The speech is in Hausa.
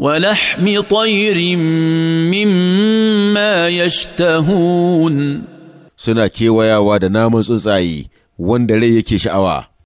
ولحم طير مما يشتهون suna kewayawa da naman tsuntsaye wanda rai yake sha'awa